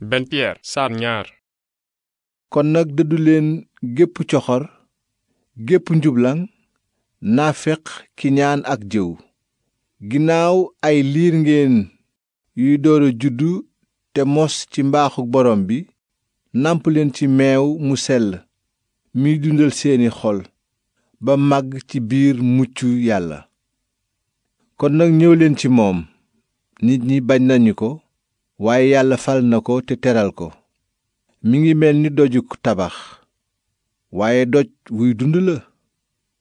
benn Pierre saar ñaar kon nag dëddu gépp coxor gépp njublaŋ naaféq ki ñaan ak jëw ginnaaw ay liir ngeen yuy doora juddu te mos ci mbaaxu borom bi nàmp leen ci meew mu sell miy dundal seeni xol ba màgg ci biir mucc yàlla kon nag ñëw ci moom nit ñi bañ nañu ko waaye yàlla fal na ko te teral ko mi ngi mel ni doju tabax waaye doj wuy dund la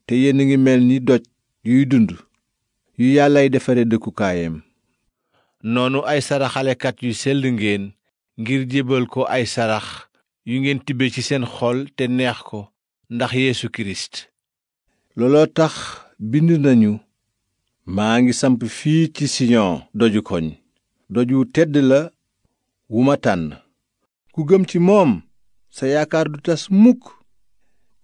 te yéen a ngi mel ni doj yuy dund yu yàllay defare dëkkukaayam noonu ay saraxalekat yu sell ngeen ngir jébal ko ay sarax yu ngeen tibbe ci seen xol te neex ko ndax yéesu Kirist looloo tax bind nañu maa ngi samp fii ci Siyon doju koñ doj wu tedd la wu ma tànn ku gëm ci moom sa yaakaar du tas mukk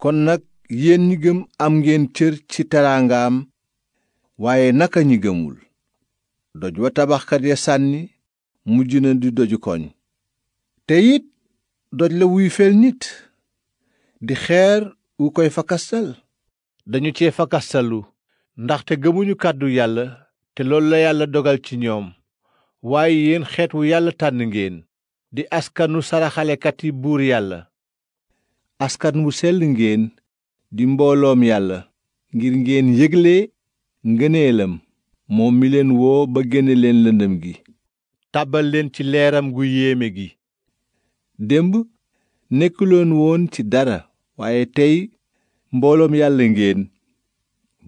kon nag yéen ñi gëm am ngeen cër ci teraangaam waaye naka ñi gëmul doj wa tabaxkat ya sànni mujj na di doju koñ te doj la wuy fel nit di xeer wu koy fakastal dañu cee fakastalu ndaxte gëmuñu kàddu yàlla te loolu la yàlla dogal ci ñoom waaye yéen xeet wu yàlla tànn ngeen di askanu saraxalekat buur yàlla askan wu sell ngeen di mbooloom yàlla ngir ngeen yëgle ngëneelam moom mi leen woo ba génne leen lëndëm gi tàbbal leen ci leeram gu yéeme gi démb nekkuloon woon ci dara waaye tey mbooloom yàlla ngeen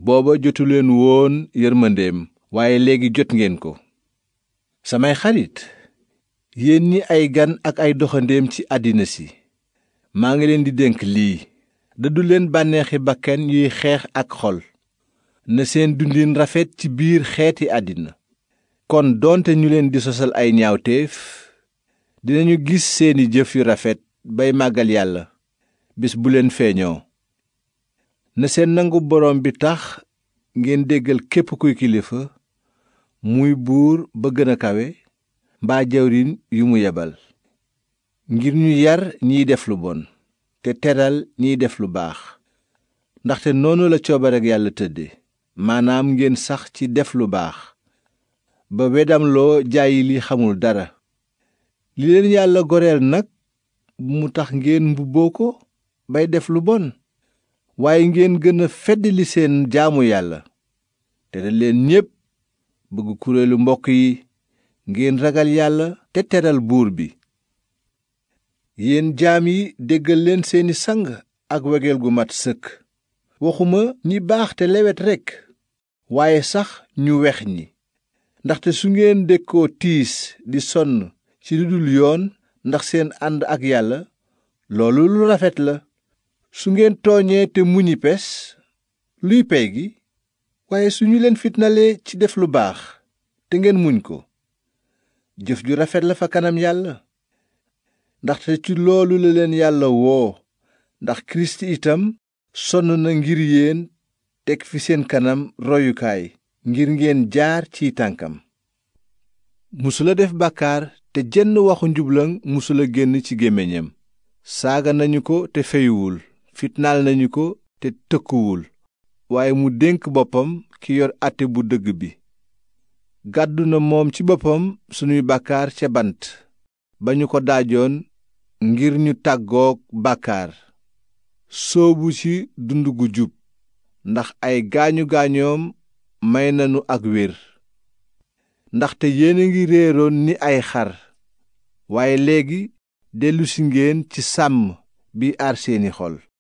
booba jotuleen woon yërmandeem waaye léegi jot ngeen ko samay xarit yéen ñi ay gan ak ay doxandéem ci àddina si maa ngi leen di dénk lii dëddu leen bànneexi bakkan yuy xeex ak xol na seen dundin rafet ci biir xeeti àddina kon doonte ñu leen di sosal ay ñaawteef dinañu gis seeni jëf yu rafet bay màggal yàlla bés bu leen feeñoo na seen nangu boroom bi tax ngeen déggal képp kuy kilifa muy buur ba gën a kawe mbaa jawrin yu mu yebal ngir ñu yar ñiy def lu bon te teral ñiy def lu baax ndaxte noonu la coobarek yàlla tëdde maanaam ngeen sax ci def lu baax ba wedamloo jaayi li xamul dara li leen yàlla goreel nag mu tax ngeen mbubboo ko bay def lu bon waaye ngeen gën a li seen jaamu yàlla te leen ñépp bëgg kuréelu mbokk yi ngeen ragal yàlla te teral buur bi yéen jaam yi déggal leen seeni sang ak wegeel gu mat sëkk waxuma ñi baax te lewet rekk waaye sax ñu weex ñi ndaxte su ngeen dëkkoo tiis di sonn ci lu dul yoon ndax seen ànd ak yàlla loolu lu rafet la su ngeen tooñee te muñi pes luy pey gi waaye su ñu leen fitnalee ci def lu baax te ngeen muñ ko jëf ju rafet la fa kanam yàlla ndaxte ci loolu la leen yàlla woo ndax kirist itam sonn na ngir yéen teg fi seen kanam royukaay ngir ngeen jaar ci tànkam musula def bàkkaar te jenn waxu njublaŋ a génn ci gémmiñam saaga nañu ko te feyuwul fitnaal nañu ko te tëkkuwul waaye mu dénk boppam ki yor àtte bu dëgg bi gàddu na moom ci boppam sunuy bàkkaar ca bant ba ñu ko daajoon ngir ñu tàggook bàkkaar sóobu ci dund gu jub ndax ay gaañu gaañoom may nanu ak wér ndaxte yéen a ngi réeroon ni ay xar waaye léegi dellusi ngeen ci sàmm bi aar seeni xol